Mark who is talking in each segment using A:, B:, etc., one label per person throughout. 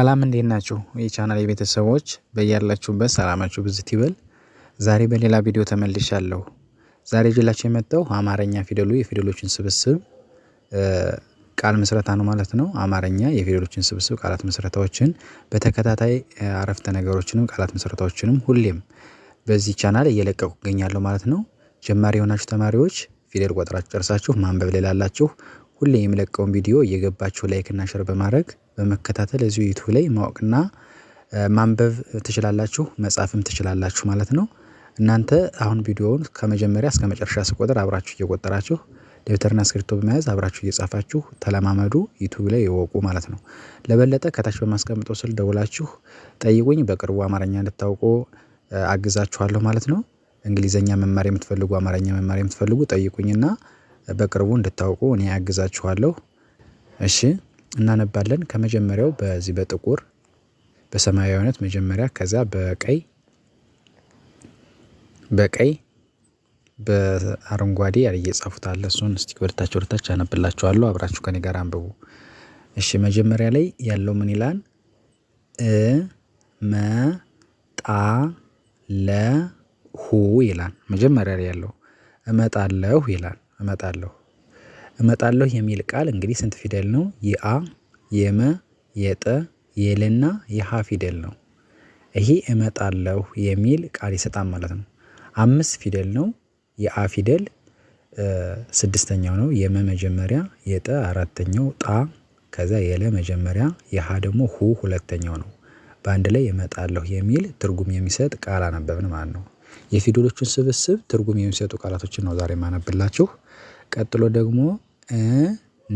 A: ሰላም እንዴት ናችሁ የቻናል የቤተሰቦች በያላችሁበት ሰላማችሁ ብዝት ይበል። ዛሬ በሌላ ቪዲዮ ተመልሻለሁ። ዛሬ ጅላችሁ የመጣው አማርኛ ፊደሉ የፊደሎችን ስብስብ ቃል ምስረታ ነው ማለት ነው። አማርኛ የፊደሎችን ስብስብ ቃላት ምስረታዎችን በተከታታይ አረፍተ ነገሮችንም ቃላት ምስረታዎችንም ሁሌም በዚህ ቻናል እየለቀቁ እገኛለሁ ማለት ነው። ጀማሪ የሆናችሁ ተማሪዎች ፊደል ቆጥራችሁ ጨርሳችሁ ማንበብ ሌላላችሁ ሁሌ የሚለቀውን ቪዲዮ እየገባችሁ ላይክ እና ሸር በማድረግ በመከታተል እዚሁ ዩቱብ ላይ ማወቅና ማንበብ ትችላላችሁ መጻፍም ትችላላችሁ ማለት ነው። እናንተ አሁን ቪዲዮውን ከመጀመሪያ እስከ መጨረሻ ስቆጥር አብራችሁ እየቆጠራችሁ ደብተርና እስክሪብቶ በመያዝ አብራችሁ እየጻፋችሁ ተለማመዱ ዩቱ ላይ እወቁ ማለት ነው። ለበለጠ ከታች በማስቀምጠው ስል ደውላችሁ ጠይቁኝ በቅርቡ አማርኛ እንድታውቁ አግዛችኋለሁ ማለት ነው። እንግሊዘኛ መማር የምትፈልጉ አማርኛ መማር የምትፈልጉ ጠይቁኝና በቅርቡ እንድታውቁ እኔ ያግዛችኋለሁ። እሺ እናነባለን ከመጀመሪያው በዚህ በጥቁር በሰማያዊ አይነት መጀመሪያ ከዛ በቀይ በቀይ በአረንጓዴ እየጻፉት አለ እሱን እስቲ ወደታች ወደታች አነብላችኋለሁ አብራችሁ ከኔ ጋር አንብቡ። እሺ መጀመሪያ ላይ ያለው ምን ይላል? እ መ ጣ ለ ሁ ይላል መጀመሪያ ላይ ያለው እመጣለሁ ይላል እመጣለሁ እመጣለሁ የሚል ቃል እንግዲህ ስንት ፊደል ነው? የአ የመ የጠ የለና የሀ ፊደል ነው። ይሄ እመጣለሁ የሚል ቃል ይሰጣል ማለት ነው። አምስት ፊደል ነው። የአ ፊደል ስድስተኛው ነው የመ መጀመሪያ የጠ አራተኛው ጣ ከዛ የለ መጀመሪያ የሀ ደግሞ ሁ ሁለተኛው ነው። በአንድ ላይ እመጣለሁ የሚል ትርጉም የሚሰጥ ቃል አነበብን ማለት ነው። የፊደሎቹን ስብስብ ትርጉም የሚሰጡ ቃላቶችን ነው ዛሬ ማነብላችሁ። ቀጥሎ ደግሞ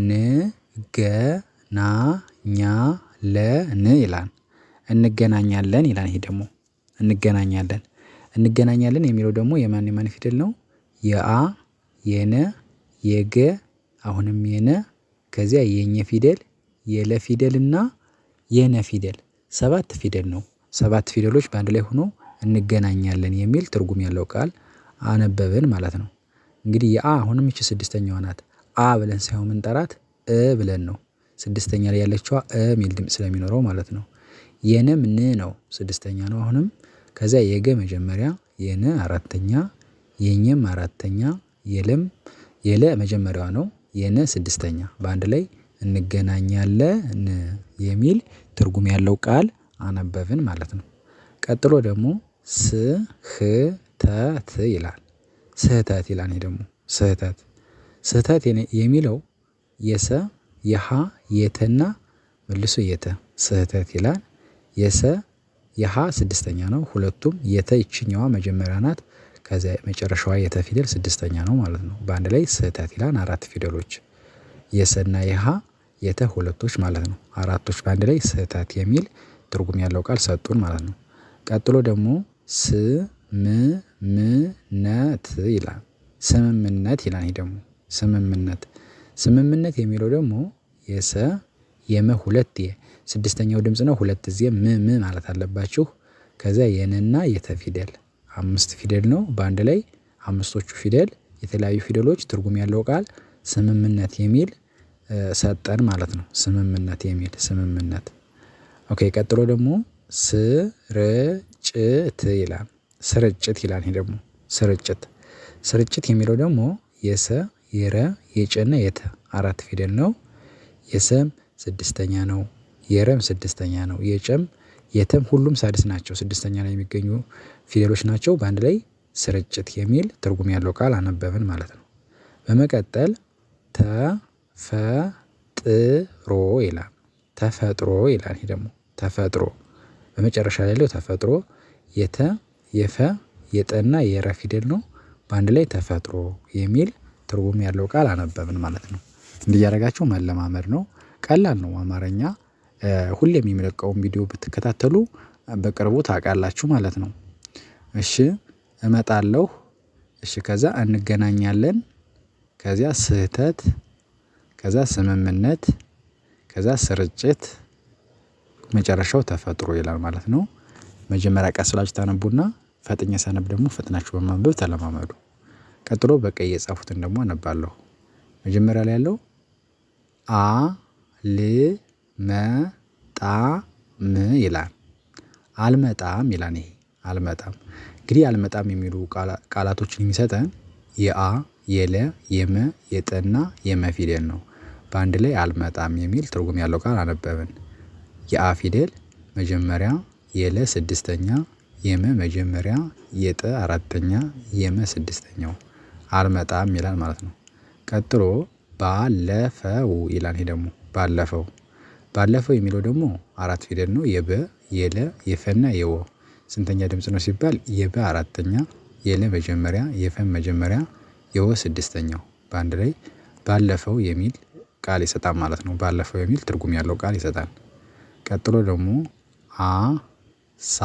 A: ን ይላል እንገናኛለን ይላል ይሄ ደግሞ እንገናኛለን እንገናኛለን የሚለው ደግሞ የማን የማን ፊደል ነው? የአ የነ የገ አሁንም የነ ከዚያ የኘ ፊደል የለ ፊደል እና የነ ፊደል ሰባት ፊደል ነው። ሰባት ፊደሎች በአንድ ላይ ሆኖ እንገናኛለን የሚል ትርጉም ያለው ቃል አነበብን ማለት ነው እንግዲህ የአ አሁንም ይቺ ስድስተኛዋ ናት አ ብለን ሳይሆን ምንጠራት እ ብለን ነው ስድስተኛ ላይ ያለችዋ እ ሚል ድምጽ ስለሚኖረው ማለት ነው። የነም ን ነው ስድስተኛ ነው አሁንም ከዛ የገ መጀመሪያ የነ አራተኛ የኘም አራተኛ የለም የለ መጀመሪያዋ ነው የነ ስድስተኛ በአንድ ላይ እንገናኛለን የሚል ትርጉም ያለው ቃል አነበብን ማለት ነው። ቀጥሎ ደግሞ ስህተት ይላል ስህተት ይላል። ደግሞ ስህተት ስህተት የሚለው የሰ የሃ የተና መልሶ የተ ስህተት ይላል። የሰ የሀ ስድስተኛ ነው። ሁለቱም የተ ይችኛዋ መጀመሪያ ናት። ከዚያ መጨረሻዋ የተ ፊደል ስድስተኛ ነው ማለት ነው። በአንድ ላይ ስህተት ይላል። አራት ፊደሎች የሰና የሀ የተ ሁለቶች ማለት ነው። አራቶች በአንድ ላይ ስህተት የሚል ትርጉም ያለው ቃል ሰጡን ማለት ነው። ቀጥሎ ደግሞ ስ ም ምነት ይላል ስምምነት ይላል ይሄ ደግሞ ስምምነት ስምምነት የሚለው ደግሞ የሰ የመ ሁለት የ ስድስተኛው ድምጽ ነው ሁለት ጊዜ ም ም ማለት አለባችሁ። ከዛ የነና የተ ፊደል አምስት ፊደል ነው በአንድ ላይ አምስቶቹ ፊደል የተለያዩ ፊደሎች ትርጉም ያለው ቃል ስምምነት የሚል ሰጠን ማለት ነው። ስምምነት የሚል ስምምነት ኦኬ ቀጥሎ ደግሞ ስርጭት ይላል ስርጭት ይላል ይሄ ደግሞ ስርጭት ስርጭት የሚለው ደግሞ የሰ የረ የጨና የተ አራት ፊደል ነው። የሰም ስድስተኛ ነው የረም ስድስተኛ ነው የጨም የተም ሁሉም ሳድስ ናቸው ስድስተኛ ላይ የሚገኙ ፊደሎች ናቸው። በአንድ ላይ ስርጭት የሚል ትርጉም ያለው ቃል አነበብን ማለት ነው። በመቀጠል ተፈጥሮ ይላል ተፈጥሮ ይላል ይሄ ደግሞ ተፈጥሮ በመጨረሻ ላይ ያለው ተፈጥሮ የተ የፈ የጠና የረ ፊደል ነው። በአንድ ላይ ተፈጥሮ የሚል ትርጉም ያለው ቃል አነበብን ማለት ነው። እንዲህ መለማመድ ነው ቀላል ነው። አማርኛ ሁሌ የምለቀውን ቪዲዮ ብትከታተሉ በቅርቡ ታውቃላችሁ ማለት ነው። እሺ እመጣለሁ እሺ ከዛ እንገናኛለን ከዚያ ስህተት ከዛ ስምምነት ከዛ ስርጭት መጨረሻው ተፈጥሮ ይላል ማለት ነው። መጀመሪያ ቀስ ታነቡና ፈጥኜ ሳነብ ደግሞ ፈጥናችሁ በማንበብ ተለማመዱ። ቀጥሎ በቀይ የጻፉትን ደግሞ አነባለሁ። መጀመሪያ ላይ ያለው አ ል መ ጣ ም ይላል። አልመጣም ይላል። ይሄ አልመጣም እንግዲህ አልመጣም የሚሉ ቃላቶችን የሚሰጠን የአ የለ የመ የጠና የመ ፊደል ነው። በአንድ ላይ አልመጣም የሚል ትርጉም ያለው ቃል አነበብን። የአ ፊደል መጀመሪያ የለ ስድስተኛ የመ መጀመሪያ የጠ አራተኛ የመ ስድስተኛው አልመጣም ይላል ማለት ነው። ቀጥሎ ባለፈው ይላል ይሄ ደግሞ ባለፈው ባለፈው የሚለው ደግሞ አራት ፊደል ነው የበ የለ የፈና የወ ስንተኛ ድምጽ ነው ሲባል የበ አራተኛ የለ መጀመሪያ የፈን መጀመሪያ የወ ስድስተኛው በአንድ ላይ ባለፈው የሚል ቃል ይሰጣል ማለት ነው። ባለፈው የሚል ትርጉም ያለው ቃል ይሰጣል። ቀጥሎ ደግሞ አ ሳ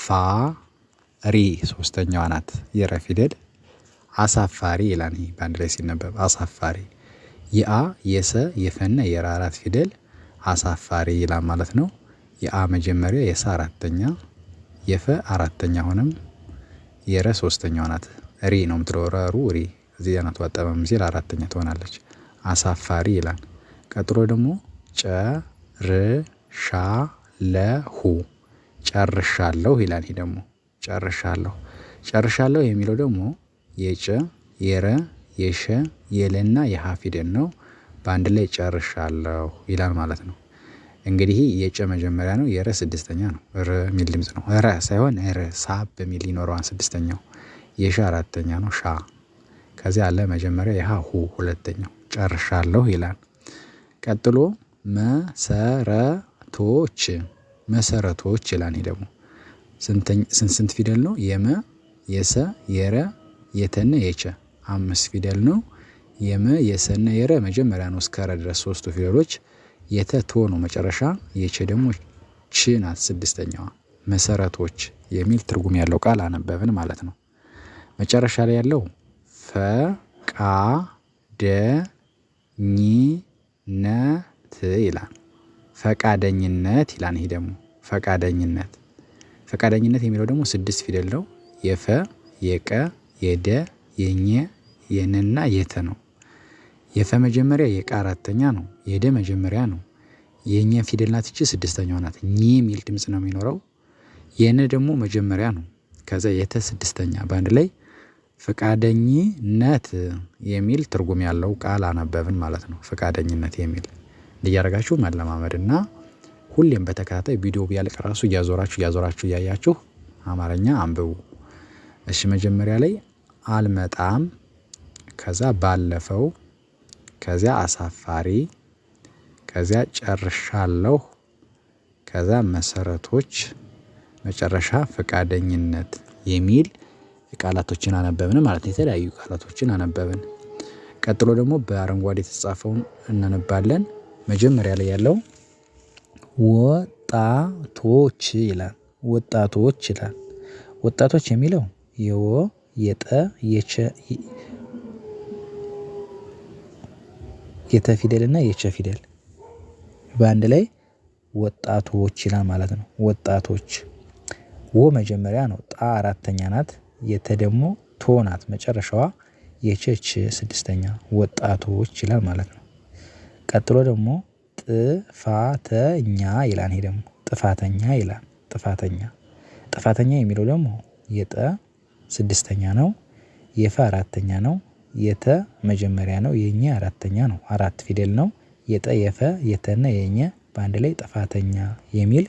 A: ፋ ሪ ሶስተኛዋ ናት የረ ፊደል አሳፋሪ ይላል ይሄ በአንድ ላይ ሲነበብ አሳፋሪ የአ የሰ የፈና የራ አራት ፊደል አሳፋሪ ይላል ማለት ነው። የአ መጀመሪያ የሰ አራተኛ የፈ አራተኛ ሆነም የረ ሶስተኛዋ ናት ሪ ነው የምትለው ረሩ ሪ እዚህ ናት ባጠመም ሲል አራተኛ ትሆናለች። አሳፋሪ ይላል። ቀጥሎ ደግሞ ጨ ር ሻ ለ ሁ ጨርሻለሁ ይላል ይሄ ደግሞ ጨርሻለሁ ጨርሻለሁ የሚለው ደግሞ የጨ የረ የሸ የለና የሀ ፊደል ነው በአንድ ላይ ጨርሻለሁ ይላል ማለት ነው። እንግዲህ የጨ መጀመሪያ ነው የረ ስድስተኛ ነው ረ የሚል ድምጽ ነው ረ ሳይሆን ረ ሳብ በሚል ይኖረዋል ስድስተኛው የሻ አራተኛ ነው ሻ ከዚያ አለ መጀመሪያ የሃ ሁ ሁለተኛው ጨርሻለሁ ይላል። ቀጥሎ መሰረቶች መሰረቶች ይላል። ይሄ ደግሞ ስንት ስንት ፊደል ነው? የመ የሰ የረ የተነ የቸ አምስት ፊደል ነው። የመ የሰና የረ መጀመሪያ ነው እስከረ ድረስ ሶስቱ ፊደሎች። የተ ቶ ነው መጨረሻ። የቸ ደግሞ ች ናት ስድስተኛዋ። መሰረቶች የሚል ትርጉም ያለው ቃል አነበብን ማለት ነው። መጨረሻ ላይ ያለው ፈቃደኝነት ይላል። ፈቃደኝነት ይላል። ይሄ ደግሞ ፈቃደኝነት ፈቃደኝነት የሚለው ደግሞ ስድስት ፊደል ነው። የፈ የቀ የደ የኘ የነና የተ ነው። የፈ መጀመሪያ የቀ አራተኛ ነው። የደ መጀመሪያ ነው። የኘ ፊደል ናት እቺ ስድስተኛው ናት። ኝ የሚል ድምጽ ነው የሚኖረው። የነ ደግሞ መጀመሪያ ነው። ከዛ የተ ስድስተኛ በአንድ ላይ ፈቃደኝነት የሚል ትርጉም ያለው ቃል አነበብን ማለት ነው። ፈቃደኝነት የሚል እያደረጋችሁ መለማመድ እና ሁሌም በተከታታይ ቪዲዮ ቢያልቅ ራሱ እያዞራችሁ እያዞራችሁ እያያችሁ አማርኛ አንብቡ። እሺ መጀመሪያ ላይ አልመጣም፣ ከዛ ባለፈው፣ ከዚያ አሳፋሪ፣ ከዚያ ጨርሻለሁ፣ ከዛ መሰረቶች፣ መጨረሻ ፈቃደኝነት የሚል ቃላቶችን አነበብን ማለት ነው። የተለያዩ ቃላቶችን አነበብን። ቀጥሎ ደግሞ በአረንጓዴ የተጻፈውን እናነባለን። መጀመሪያ ላይ ያለው ወጣቶች ይላል ወጣቶች ይላል ወጣቶች የሚለው የወ የጠ የቸ የተ ፊደል እና የቸ ፊደል በአንድ ላይ ወጣቶች ይላል ማለት ነው። ወጣቶች ወ መጀመሪያ ነው። ጣ አራተኛ ናት። የተ ደግሞ ቶ ናት መጨረሻዋ። የቸች ስድስተኛ ወጣቶች ይላል ማለት ነው። ቀጥሎ ደግሞ ጥፋተኛ ይላል ይሄ ደግሞ ጥፋተኛ ይላል ጥፋተኛ ጥፋተኛ የሚለው ደግሞ የጠ ስድስተኛ ነው። የፈ አራተኛ ነው የተ መጀመሪያ ነው የኘ አራተኛ ነው አራት ፊደል ነው። የጠ የፈ የተና የኘ በአንድ ላይ ጥፋተኛ የሚል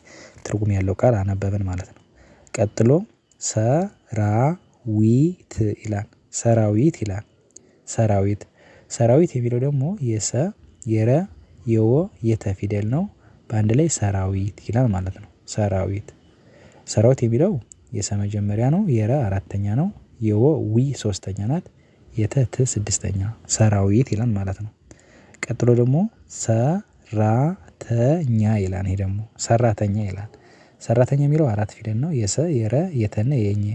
A: ትርጉም ያለው ቃል አነበብን ማለት ነው። ቀጥሎ ሰራዊት ይላል ሰራዊት ይላል ሰራዊት ሰራዊት የሚለው ደግሞ የሰ የረ የወ የተ ፊደል ነው በአንድ ላይ ሰራዊት ይላል ማለት ነው። ሰራዊት ሰራዊት የሚለው የሰ መጀመሪያ ነው የረ አራተኛ ነው የወ ዊ ሶስተኛ ናት የተ ት ስድስተኛ ሰራዊት ይላል ማለት ነው። ቀጥሎ ደግሞ ሰራተኛ ይላል ይሄ ደግሞ ሰራተኛ ይላል ሰራተኛ የሚለው አራት ፊደል ነው የሰ የረ የተነ የኘ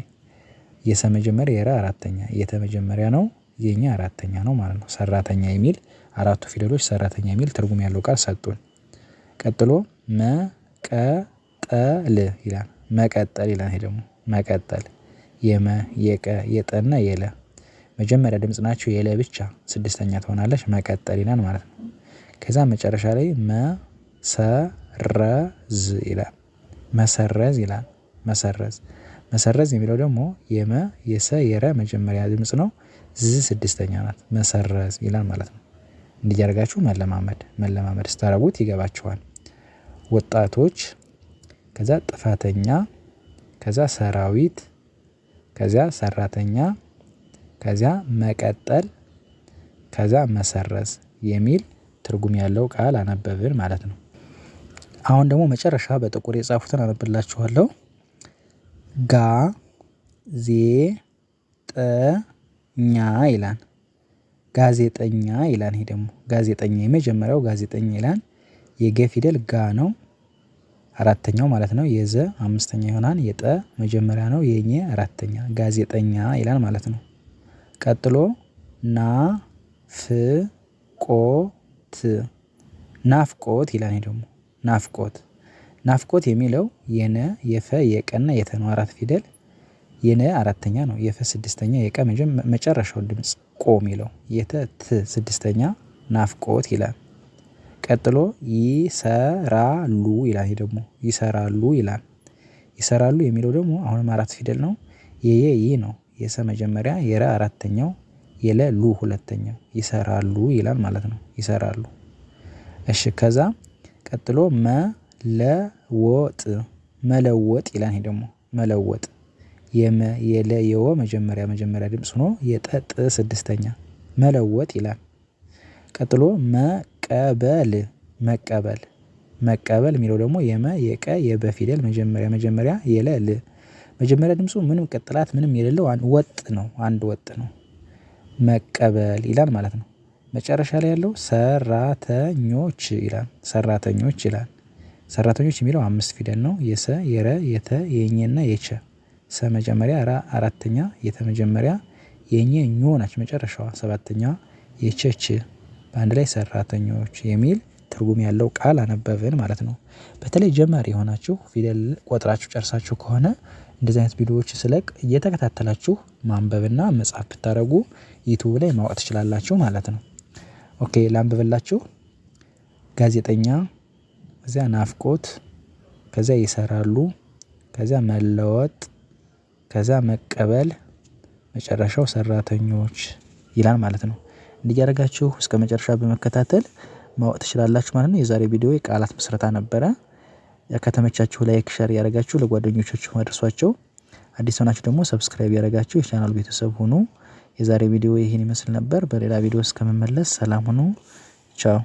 A: የሰ መጀመሪያ የረ አራተኛ የተ መጀመሪያ ነው የኛ አራተኛ ነው ማለት ነው። ሰራተኛ የሚል አራቱ ፊደሎች ሰራተኛ የሚል ትርጉም ያለው ቃል ሰጡን። ቀጥሎ መቀጠል ይላል መቀጠል ይላል ይሄ ደግሞ መቀጠል የመ የቀ የጠና የለ መጀመሪያ ድምጽ ናቸው የለ ብቻ ስድስተኛ ትሆናለች መቀጠል ይላል ማለት ነው። ከዛ መጨረሻ ላይ መሰረዝ ይላል መሰረዝ ይላል መሰረዝ መሰረዝ የሚለው ደግሞ የመ የሰ የረ መጀመሪያ ድምጽ ነው። ዝ ስድስተኛ ናት መሰረዝ ይላል ማለት ነው እንዲያደርጋችሁ መለማመድ መለማመድ ስታረጉት ይገባችኋል። ወጣቶች ከዛ ጥፋተኛ ከዛ ሰራዊት ከዚያ ሰራተኛ ከዚያ መቀጠል ከዛ መሰረዝ የሚል ትርጉም ያለው ቃል አነበብን ማለት ነው። አሁን ደግሞ መጨረሻ በጥቁር የጻፉትን አነብላችኋለሁ። ጋ ዜ ጠ ኛ ይላል ጋዜጠኛ ይላል ይሄ ደግሞ ጋዜጠኛ የመጀመሪያው ጋዜጠኛ ይላል የገ ፊደል ጋ ነው። አራተኛው ማለት ነው የዘ አምስተኛ ይሆናል የጠ መጀመሪያ ነው የኘ አራተኛ ጋዜጠኛ ይላል ማለት ነው። ቀጥሎ ና ፍ ቆ ት ናፍቆት ይላል ይሄ ደግሞ ናፍቆት ናፍቆት የሚለው የነ የፈ የቀና የተነው አራት ፊደል የነ አራተኛ ነው የፈ ስድስተኛ የቀ መጨረሻው ድምጽ ቆ የሚለው የተት ስድስተኛ ናፍቆት ይላል። ቀጥሎ ይሰራሉ ይላል ይሄ ደግሞ ይሰራሉ ይላል። ይሰራሉ የሚለው ደግሞ አሁንም አራት ፊደል ነው። የየ ይ ነው የሰ መጀመሪያ የረ አራተኛው የለ ሉ ሁለተኛው ይሰራሉ ይላል ማለት ነው። ይሰራሉ እሺ ከዛ ቀጥሎ መለወጥ መለወጥ ይላል ይሄ ደግሞ መለወጥ የለ የወ መጀመሪያ መጀመሪያ ድምጽ ሆኖ የጠጥ ስድስተኛ መለወጥ ይላል። ቀጥሎ መቀበል መቀበል መቀበል የሚለው ደግሞ የመ የቀ የበ ፊደል መጀመሪያ መጀመሪያ የለ ል መጀመሪያ ድምፁ ምንም ቅጥላት ምንም የሌለው ወጥ ነው አንድ ወጥ ነው። መቀበል ይላል ማለት ነው። መጨረሻ ላይ ያለው ሰራተኞች ይላል ሰራተኞች ይላል። ሰራተኞች የሚለው አምስት ፊደል ነው የሰ የረ የተ የኘና የቸ ሰመጀመሪያ አራተኛ የተመጀመሪያ የኘኞ ናች መጨረሻዋ ሰባተኛዋ የቸች በአንድ ላይ ሰራተኞች የሚል ትርጉም ያለው ቃል አነበብን ማለት ነው። በተለይ ጀማሪ የሆናችሁ ፊደል ቆጥራችሁ ጨርሳችሁ ከሆነ እንደዚህ አይነት ቪዲዮዎች ስለቅ እየተከታተላችሁ ማንበብና መጻፍ ብታደረጉ ዩቱብ ላይ ማወቅ ትችላላችሁ ማለት ነው። ኦኬ ላንብብላችሁ። ጋዜጠኛ ከዚያ ናፍቆት ከዚያ ይሰራሉ ከዚያ መለወጥ ከዛ መቀበል መጨረሻው ሰራተኞች ይላል ማለት ነው። እንዲያደርጋችሁ እስከ መጨረሻ በመከታተል ማወቅ ትችላላችሁ ማለት ነው። የዛሬ ቪዲዮ የቃላት ምስረታ ነበረ። ከተመቻችሁ ላይክ ሸር ያደረጋችሁ ለጓደኞቻችሁ አድርሷቸው። አዲስ ሆናችሁ ደግሞ ሰብስክራይብ ያደረጋችሁ የቻናል ቤተሰብ ሁኑ። የዛሬ ቪዲዮ ይህን ይመስል ነበር። በሌላ ቪዲዮ እስከምመለስ ሰላም ሁኑ። ቻው